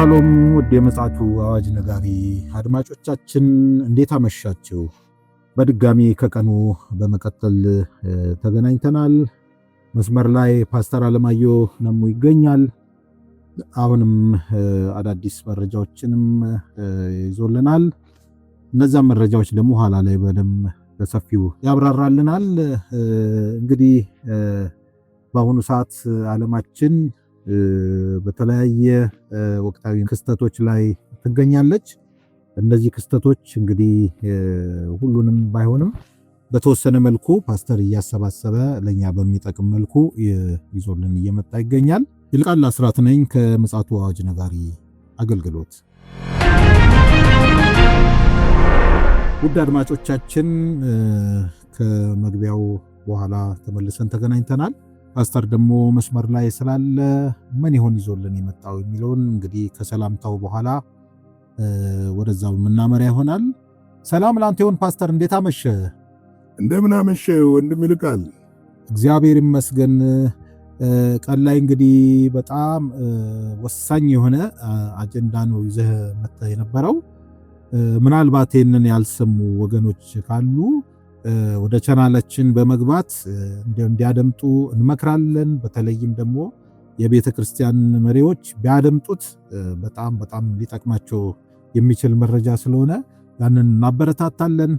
ሻሎም ውድ የምፅዓቱ አዋጅ ነጋሪ አድማጮቻችን እንዴት አመሻችሁ? በድጋሚ ከቀኑ በመቀጠል ተገናኝተናል። መስመር ላይ ፓስተር አለማየሁ ነሙ ይገኛል። አሁንም አዳዲስ መረጃዎችንም ይዞልናል። እነዚያ መረጃዎች ደግሞ ኋላ ላይ በደም በሰፊው ያብራራልናል። እንግዲህ በአሁኑ ሰዓት አለማችን በተለያየ ወቅታዊ ክስተቶች ላይ ትገኛለች። እነዚህ ክስተቶች እንግዲህ ሁሉንም ባይሆንም በተወሰነ መልኩ ፓስተር እያሰባሰበ ለእኛ በሚጠቅም መልኩ ይዞልን እየመጣ ይገኛል። ይልቃል አስራት ነኝ ከምፅዓቱ አዋጅ ነጋሪ አገልግሎት። ውድ አድማጮቻችን ከመግቢያው በኋላ ተመልሰን ተገናኝተናል። ፓስተር ደግሞ መስመር ላይ ስላለ ምን ይሆን ይዞልን የመጣው የሚለውን እንግዲህ ከሰላምታው በኋላ ወደዛው የምናመሪያ ይሆናል። ሰላም ላንተ ይሁን ፓስተር፣ እንዴት አመሸ? እንደምን አመሸ ወንድም ይልቃል። እግዚአብሔር ይመስገን። ቀን ላይ እንግዲህ በጣም ወሳኝ የሆነ አጀንዳ ነው ይዘህ መጥተህ የነበረው። ምናልባት ይህንን ያልሰሙ ወገኖች ካሉ ወደ ቻናላችን በመግባት እንዲያደምጡ እንመክራለን። በተለይም ደግሞ የቤተ ክርስቲያን መሪዎች ቢያደምጡት በጣም በጣም ሊጠቅማቸው የሚችል መረጃ ስለሆነ ያንን እናበረታታለን።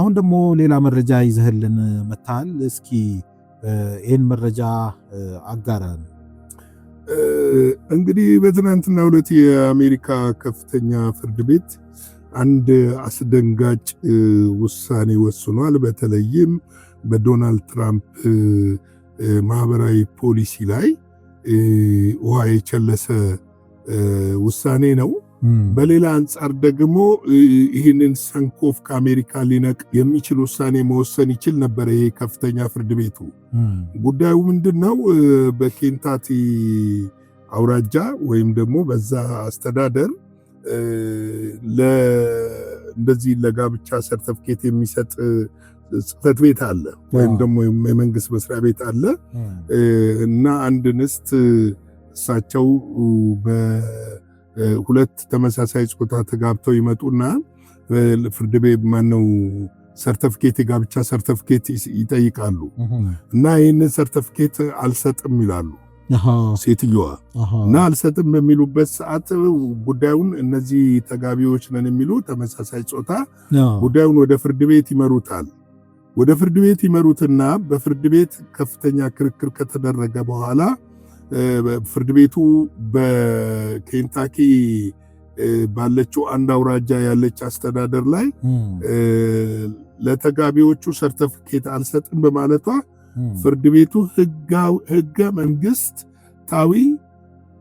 አሁን ደግሞ ሌላ መረጃ ይዘህልን መታል። እስኪ ይህን መረጃ አጋራን። እንግዲህ በትናንትና ሁለት የአሜሪካ ከፍተኛ ፍርድ ቤት አንድ አስደንጋጭ ውሳኔ ወስኗል። በተለይም በዶናልድ ትራምፕ ማህበራዊ ፖሊሲ ላይ ውሃ የቸለሰ ውሳኔ ነው። በሌላ አንጻር ደግሞ ይህንን ሰንኮፍ ከአሜሪካ ሊነቅ የሚችል ውሳኔ መወሰን ይችል ነበረ። ይሄ ከፍተኛ ፍርድ ቤቱ ጉዳዩ ምንድን ነው? በኬንታቲ አውራጃ ወይም ደግሞ በዛ አስተዳደር እንደዚህ ለጋብቻ ሰርተፍኬት የሚሰጥ ጽህፈት ቤት አለ ወይም ደግሞ የመንግስት መስሪያ ቤት አለ እና አንድ ንስት እሳቸው በሁለት ተመሳሳይ ጾታ ተጋብተው ይመጡና ፍርድ ቤት ማነው ሰርተፍኬት የጋብቻ ሰርተፍኬት ይጠይቃሉ እና ይህንን ሰርተፍኬት አልሰጥም ይላሉ። ሴትየዋ እና አልሰጥም በሚሉበት ሰዓት ጉዳዩን እነዚህ ተጋቢዎች ነን የሚሉ ተመሳሳይ ጾታ ጉዳዩን ወደ ፍርድ ቤት ይመሩታል። ወደ ፍርድ ቤት ይመሩትና በፍርድ ቤት ከፍተኛ ክርክር ከተደረገ በኋላ ፍርድ ቤቱ በኬንታኪ ባለችው አንድ አውራጃ ያለች አስተዳደር ላይ ለተጋቢዎቹ ሰርተፍኬት አልሰጥም በማለቷ Hmm. ፍርድ ቤቱ ህገ መንግስታዊ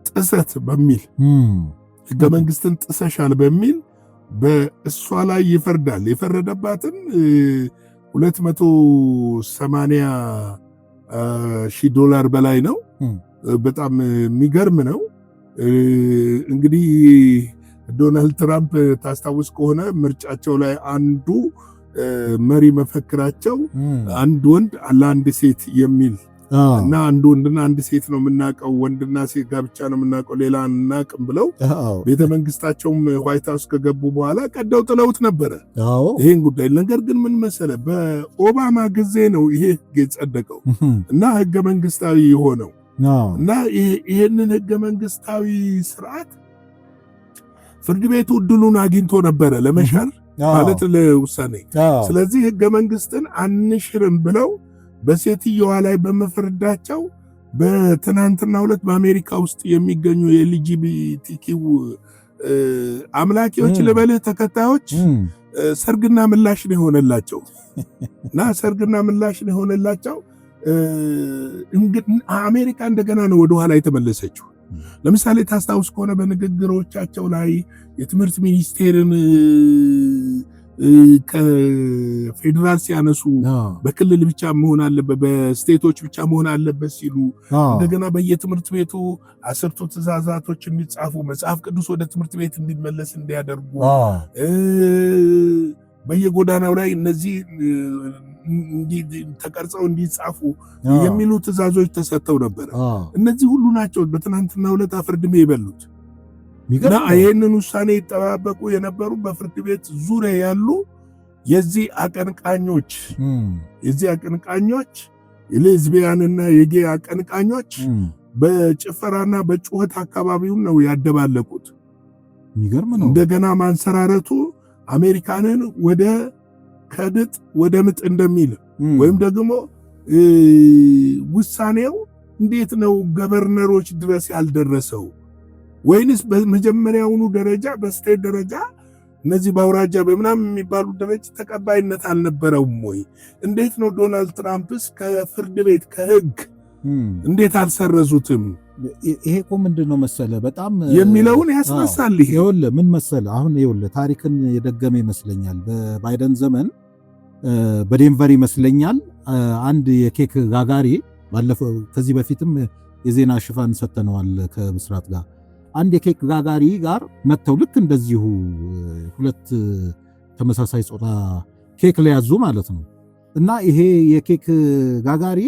ጥሰት በሚል hmm. ህገ መንግስትን ጥሰሻል በሚል በእሷ ላይ ይፈርዳል። የፈረደባትን 280 ሺህ ዶላር በላይ ነው። hmm. በጣም የሚገርም ነው። እንግዲህ ዶናልድ ትራምፕ ታስታውስ ከሆነ ምርጫቸው ላይ አንዱ መሪ መፈክራቸው አንድ ወንድ ለአንድ ሴት የሚል እና አንድ ወንድና አንድ ሴት ነው የምናውቀው፣ ወንድና ሴት ጋብቻ ነው የምናውቀው፣ ሌላ አናውቅም ብለው ቤተ መንግስታቸውም ዋይት ሀውስ ከገቡ በኋላ ቀደው ጥለውት ነበረ ይህን ጉዳይ። ነገር ግን ምን መሰለ፣ በኦባማ ጊዜ ነው ይሄ ህግ የጸደቀው እና ህገ መንግስታዊ የሆነው እና ይህንን ህገ መንግስታዊ ስርዓት ፍርድ ቤቱ እድሉን አግኝቶ ነበረ ለመሻር ማለት ለውሳኔ። ስለዚህ ህገ መንግስትን አንሽርም ብለው በሴትየዋ ላይ በመፍረዳቸው በትናንትና ሁለት በአሜሪካ ውስጥ የሚገኙ የኤልጂቢቲኪው አምላኪዎች ልበልህ ተከታዮች ሰርግና ምላሽ ነው የሆነላቸው እና ሰርግና ምላሽ ነው የሆነላቸው። አሜሪካ እንደገና ነው ወደኋላ የተመለሰችው። ለምሳሌ ታስታውስ ከሆነ በንግግሮቻቸው ላይ የትምህርት ሚኒስቴርን ከፌዴራል ሲያነሱ በክልል ብቻ መሆን አለበት፣ በስቴቶች ብቻ መሆን አለበት ሲሉ እንደገና በየትምህርት ቤቱ አስርቱ ትእዛዛቶች የሚጻፉ መጽሐፍ ቅዱስ ወደ ትምህርት ቤት እንዲመለስ እንዲያደርጉ በየጎዳናው ላይ እነዚህ ተቀርጸው እንዲጻፉ የሚሉ ትዕዛዞች ተሰጥተው ነበረ። እነዚህ ሁሉ ናቸው በትናንትና ሁለት አፍርድሜ የበሉት እና ይህንን ውሳኔ ይጠባበቁ የነበሩ በፍርድ ቤት ዙሪያ ያሉ የዚህ አቀንቃኞች የዚህ አቀንቃኞች የሌዝቢያንና የጌ አቀንቃኞች በጭፈራና በጩኸት አካባቢውን ነው ያደባለቁት። የሚገርም ነው። እንደገና ማንሰራረቱ አሜሪካንን ወደ ከድጥ ወደ ምጥ እንደሚል ወይም ደግሞ ውሳኔው እንዴት ነው ገቨርነሮች ድረስ ያልደረሰው? ወይንስ በመጀመሪያውኑ ደረጃ በስቴት ደረጃ እነዚህ በአውራጃ በምናም የሚባሉ ደረጃ ተቀባይነት አልነበረውም ወይ? እንዴት ነው ዶናልድ ትራምፕስ ከፍርድ ቤት ከህግ እንዴት አልሰረዙትም? ይሄ እኮ ምንድን ነው መሰለ በጣም የሚለውን ያስነሳል። ይሄ ምን መሰለ አሁን ይወለ ታሪክን የደገመ ይመስለኛል። በባይደን ዘመን በዴንቨር ይመስለኛል አንድ የኬክ ጋጋሪ ባለፈው ከዚህ በፊትም የዜና ሽፋን ሰጥተነዋል ከምስራት ጋር አንድ የኬክ ጋጋሪ ጋር መጥተው ልክ እንደዚሁ ሁለት ተመሳሳይ ጾታ ኬክ ለያዙ ማለት ነው እና ይሄ የኬክ ጋጋሪ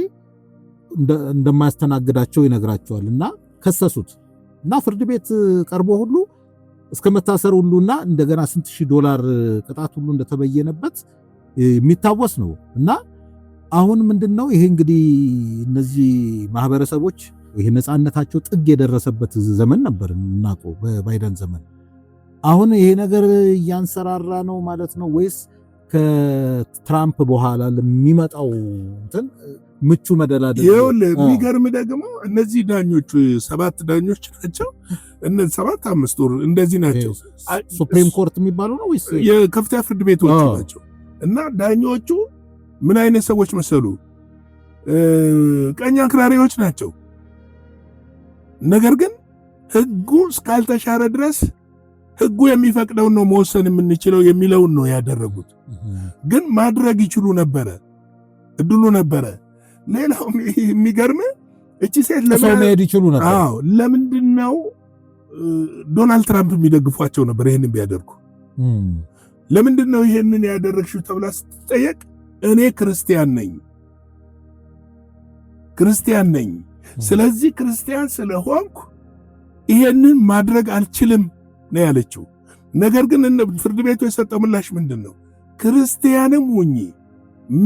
እንደማያስተናግዳቸው ይነግራቸዋል እና ከሰሱት እና ፍርድ ቤት ቀርቦ ሁሉ እስከ መታሰር ሁሉና እንደገና ስንት ሺህ ዶላር ቅጣት ሁሉ እንደተበየነበት የሚታወስ ነው እና አሁን ምንድን ነው ይሄ እንግዲህ እነዚህ ማህበረሰቦች ይሄ ነፃነታቸው ጥግ የደረሰበት ዘመን ነበር እናቆ በባይደን ዘመን። አሁን ይሄ ነገር እያንሰራራ ነው ማለት ነው ወይስ ከትራምፕ በኋላ ለሚመጣው እንትን ምቹ መደላደል ይሁን። የሚገርም ደግሞ እነዚህ ዳኞች ሰባት ዳኞች ናቸው። እነዚህ ሰባት አምስት ወር እንደዚህ ናቸው። ሱፕሪም ኮርት የሚባሉ ነው ወይስ የከፍተኛ ፍርድ ቤቶች ናቸው? እና ዳኞቹ ምን አይነት ሰዎች መሰሉ? ቀኝ አክራሪዎች ናቸው። ነገር ግን ህጉ እስካልተሻረ ድረስ ህጉ የሚፈቅደውን ነው መወሰን የምንችለው የሚለውን ነው ያደረጉት። ግን ማድረግ ይችሉ ነበረ፣ እድሉ ነበረ። ሌላው የሚገርም እቺ ሴት መሄድ ይችሉ ነበር። ለምንድን ነው ዶናልድ ትራምፕ የሚደግፏቸው ነበር ይህንን ቢያደርጉ። ለምንድን ነው ይህንን ያደረግሽው ተብላ ስትጠየቅ እኔ ክርስቲያን ነኝ ክርስቲያን ነኝ፣ ስለዚህ ክርስቲያን ስለሆንኩ ይሄንን ማድረግ አልችልም ነው ያለችው። ነገር ግን ፍርድ ቤቱ የሰጠው ምላሽ ምንድን ነው? ክርስቲያንም ሁኚ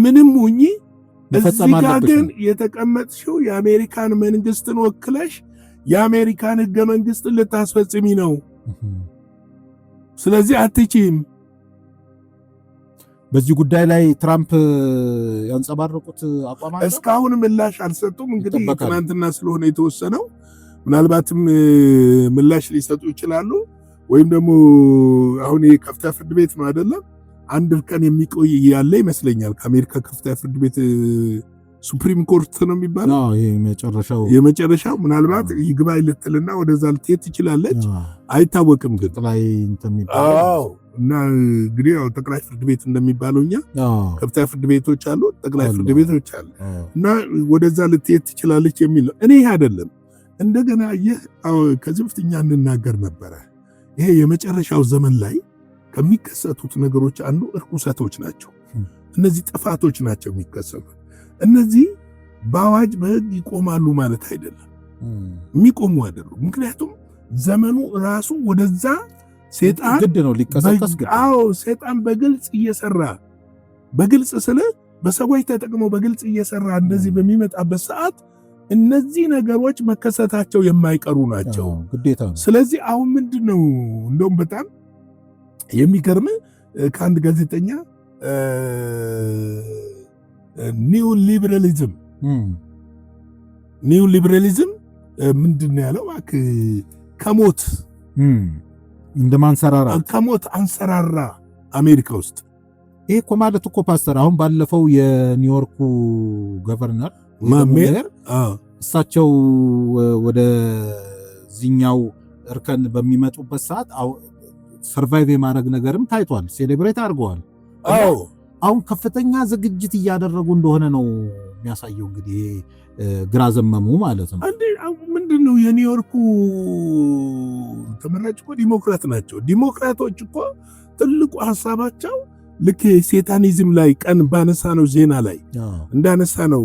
ምንም ሁኚ እዚህ ጋ ግን የተቀመጥሽው የአሜሪካን መንግስትን ወክለሽ የአሜሪካን ህገ መንግስትን ልታስፈጽሚ ነው። ስለዚህ አትችም። በዚህ ጉዳይ ላይ ትራምፕ ያንጸባረቁት አቋም እስካሁን ምላሽ አልሰጡም። እንግዲህ ትናንትና ስለሆነ የተወሰነው ምናልባትም ምላሽ ሊሰጡ ይችላሉ። ወይም ደግሞ አሁን የከፍተኛ ፍርድ ቤት ነው አይደለም፣ አንድ ቀን የሚቆይ ያለ ይመስለኛል። ከአሜሪካ ከፍተኛ ፍርድ ቤት ሱፕሪም ኮርት ነው የሚባለው የመጨረሻው። ምናልባት ይግባኝ ልትልና ወደዛ ልትሄድ ትችላለች፣ አይታወቅም ግን እና እንግዲህ ጠቅላይ ፍርድ ቤት እንደሚባለው እኛ ከፍተኛ ፍርድ ቤቶች አሉ፣ ጠቅላይ ፍርድ ቤቶች አሉ። እና ወደዛ ልትሄድ ትችላለች የሚል ነው። እኔ አይደለም እንደገና ይህ ከዚህ በፊት እኛ እንናገር ነበረ ይሄ የመጨረሻው ዘመን ላይ ከሚከሰቱት ነገሮች አንዱ እርኩሰቶች ናቸው። እነዚህ ጥፋቶች ናቸው የሚከሰቱት። እነዚህ በአዋጅ በህግ ይቆማሉ ማለት አይደለም፣ የሚቆሙ አይደሉም። ምክንያቱም ዘመኑ ራሱ ወደዛ ሴጣን ግድ ነው ሊቀሰቀስ አዎ፣ ሴጣን በግልጽ እየሰራ በግልጽ ስለ በሰዎች ተጠቅሞ በግልጽ እየሰራ እንደዚህ በሚመጣበት ሰዓት እነዚህ ነገሮች መከሰታቸው የማይቀሩ ናቸው። ስለዚህ አሁን ምንድን ነው እንደውም በጣም የሚገርም ከአንድ ጋዜጠኛ ኒው ሊበራሊዝም ኒው ሊበራሊዝም ምንድን ነው ያለው? ከሞት እንደማንሰራራ ከሞት አንሰራራ አሜሪካ ውስጥ ይሄ እኮ ማለት እኮ ፓስተር አሁን ባለፈው የኒውዮርኩ ገቨርነር እሳቸው ወደ ዚኛው እርከን በሚመጡበት ሰዓት ሰርቫይቭ የማድረግ ነገርም ታይቷል። ሴሌብሬት አድርገዋል። አሁን ከፍተኛ ዝግጅት እያደረጉ እንደሆነ ነው የሚያሳየው። እንግዲህ ግራ ዘመሙ ማለት ነው። ምንድን ነው የኒውዮርኩ ተመራጭ እኮ ዲሞክራት ናቸው። ዲሞክራቶች እኮ ትልቁ ሀሳባቸው ልክ ሴታኒዝም ላይ ቀን ባነሳ ነው ዜና ላይ እንዳነሳ ነው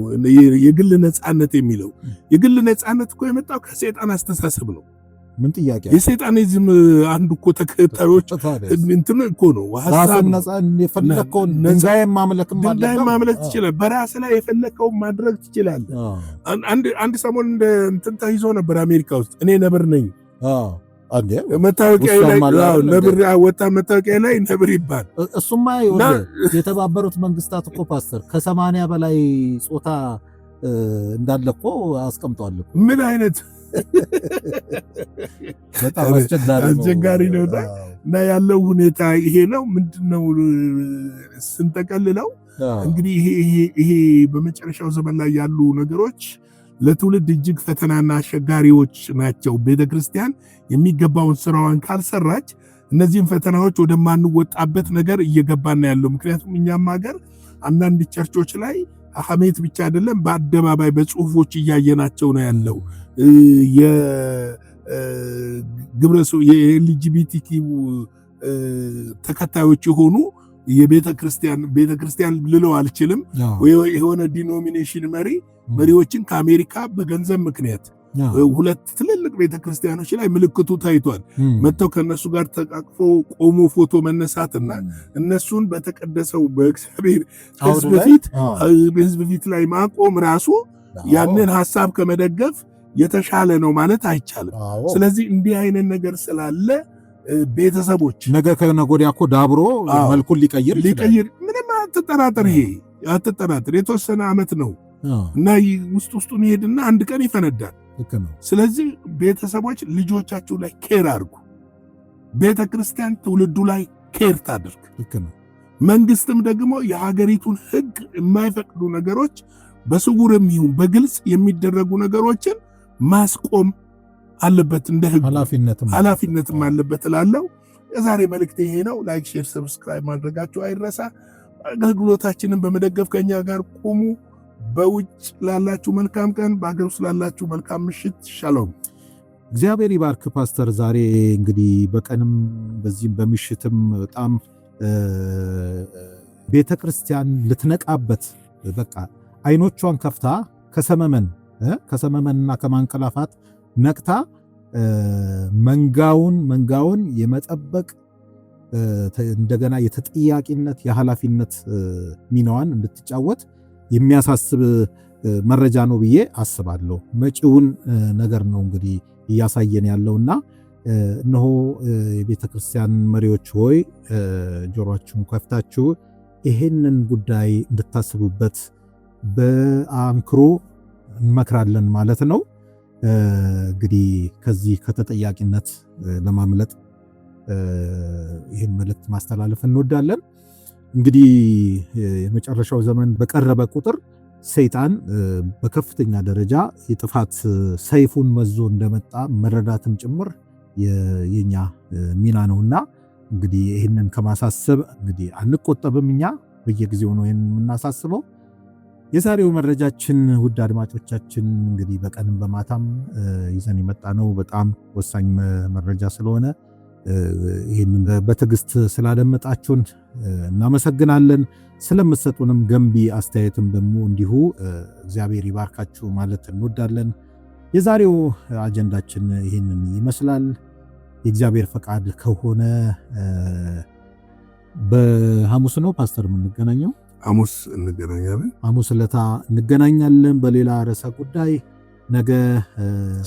የግል ነፃነት የሚለው የግል ነፃነት እኮ የመጣው ከሴጣን አስተሳሰብ ነው። ምን ጥያቄ የሴጣኒዝም አንዱ እኮ ተከታዮች እንትን እኮ ነው ማምለክ ትችላል። በራስ ላይ የፈለከውን ማድረግ ትችላል። አንድ ሰሞን እንደ እንትን ተይዞ ነበር አሜሪካ ውስጥ እኔ ነብር ነኝ ወጣ ነብር መታወቂያ ላይ ነብር ይባል። እሱማ የተባበሩት መንግስታት እኮ ፓስተር ከሰማንያ በላይ ጾታ እንዳለ እኮ አስቀምጧል። ምን አይነት በጣም አስቸጋሪ ነው። እና ያለው ሁኔታ ይሄ ነው። ምንድነው ስንጠቀልለው እንግዲህ ይሄ በመጨረሻው ዘመን ላይ ያሉ ነገሮች ለትውልድ እጅግ ፈተናና አስቸጋሪዎች ናቸው። ቤተ ክርስቲያን የሚገባውን ስራዋን ካልሰራች እነዚህም ፈተናዎች ወደማንወጣበት ነገር እየገባና ያለው ምክንያቱም እኛም ሀገር አንዳንድ ቸርቾች ላይ ሐሜት ብቻ አይደለም፣ በአደባባይ በጽሁፎች እያየናቸው ነው ያለው። የኤልጂቢቲኪ ተከታዮች የሆኑ የቤተክርስቲያን ቤተክርስቲያን ልለው አልችልም የሆነ ዲኖሚኔሽን መሪ መሪዎችን ከአሜሪካ በገንዘብ ምክንያት ሁለት ትልልቅ ቤተክርስቲያኖች ላይ ምልክቱ ታይቷል። መጥተው ከእነሱ ጋር ተቃቅፎ ቆሞ ፎቶ መነሳትና እነሱን በተቀደሰው በእግዚአብሔር ሕዝብ ፊት ላይ ማቆም ራሱ ያንን ሀሳብ ከመደገፍ የተሻለ ነው ማለት አይቻልም። ስለዚህ እንዲህ አይነት ነገር ስላለ ቤተሰቦች ነገ ከነገ ወዲያ እኮ ዳብሮ መልኩን ሊቀይር ሊቀይር ምንም አትጠራጥር፣ ይሄ አትጠራጥር። የተወሰነ ዓመት ነው እና ውስጥ ውስጡን ይሄድና አንድ ቀን ይፈነዳል። ስለዚህ ቤተሰቦች ልጆቻችሁ ላይ ኬር አድርጉ። ቤተ ክርስቲያን ትውልዱ ላይ ኬር ታድርግ። መንግስትም ደግሞ የሀገሪቱን ሕግ የማይፈቅዱ ነገሮች በስውር ይሁን በግልጽ የሚደረጉ ነገሮችን ማስቆም አለበት፣ እንደ ሕግ ኃላፊነትም አለበት እላለሁ። የዛሬ መልእክት ይሄ ነው። ላይክ፣ ሼር፣ ሰብስክራይብ ማድረጋችሁ አይረሳ። አገልግሎታችንን በመደገፍ ከኛ ጋር ቁሙ። በውጭ ላላችሁ መልካም ቀን፣ በሀገር ውስጥ ላላችሁ መልካም ምሽት። ሻሎም። እግዚአብሔር ይባርክ ፓስተር። ዛሬ እንግዲህ በቀንም በዚህም በምሽትም በጣም ቤተ ክርስቲያን ልትነቃበት በቃ አይኖቿን ከፍታ ከሰመመን ከሰመመንና ከማንቀላፋት ነቅታ መንጋውን መንጋውን የመጠበቅ እንደገና የተጠያቂነት የኃላፊነት ሚናዋን እንድትጫወት የሚያሳስብ መረጃ ነው ብዬ አስባለሁ። መጪውን ነገር ነው እንግዲህ እያሳየን ያለውና እነሆ የቤተ ክርስቲያን መሪዎች ሆይ ጆሮችሁን ከፍታችሁ ይህንን ጉዳይ እንድታስቡበት በአንክሮ እንመክራለን ማለት ነው። እንግዲህ ከዚህ ከተጠያቂነት ለማምለጥ ይህን መልእክት ማስተላለፍ እንወዳለን። እንግዲህ የመጨረሻው ዘመን በቀረበ ቁጥር ሰይጣን በከፍተኛ ደረጃ የጥፋት ሰይፉን መዞ እንደመጣ መረዳትም ጭምር የኛ ሚና ነውና እንግዲህ ይህንን ከማሳሰብ እንግዲህ አንቆጠብም። እኛ በየጊዜው ነው ይህን የምናሳስበው። የዛሬው መረጃችን ውድ አድማጮቻችን እንግዲህ በቀንም በማታም ይዘን የመጣ ነው በጣም ወሳኝ መረጃ ስለሆነ ይህን በትዕግስት ስላደመጣችሁን እናመሰግናለን። ስለምትሰጡንም ገንቢ አስተያየትም ደግሞ እንዲሁ እግዚአብሔር ይባርካችሁ ማለት እንወዳለን። የዛሬው አጀንዳችን ይህንን ይመስላል። የእግዚአብሔር ፈቃድ ከሆነ በሐሙስ ነው ፓስተር የምንገናኘው። ሐሙስ እንገናኛለን። ሐሙስ እንገናኛለን በሌላ ርዕሰ ጉዳይ። ነገ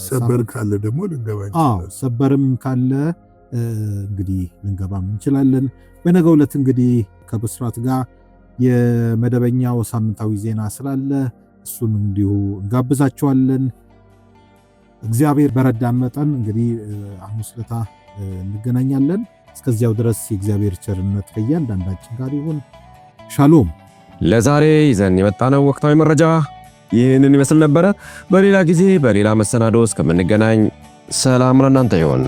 ሰበር ካለ ደግሞ ልንገባ ሰበርም ካለ እንግዲህ ልንገባም እንችላለን። በነገ ዕለት እንግዲህ ከብስራት ጋር የመደበኛው ሳምንታዊ ዜና ስላለ እሱን እንዲሁ እንጋብዛቸዋለን። እግዚአብሔር በረዳን መጠን እንግዲህ ሐሙስ ዕለት እንገናኛለን። እስከዚያው ድረስ የእግዚአብሔር ቸርነት ከእያንዳንዳችን ጋር ይሁን። ሻሎም። ለዛሬ ይዘን የመጣነው ወቅታዊ መረጃ ይህንን ይመስል ነበረ። በሌላ ጊዜ በሌላ መሰናዶ እስከምንገናኝ ሰላም ለእናንተ ይሆን።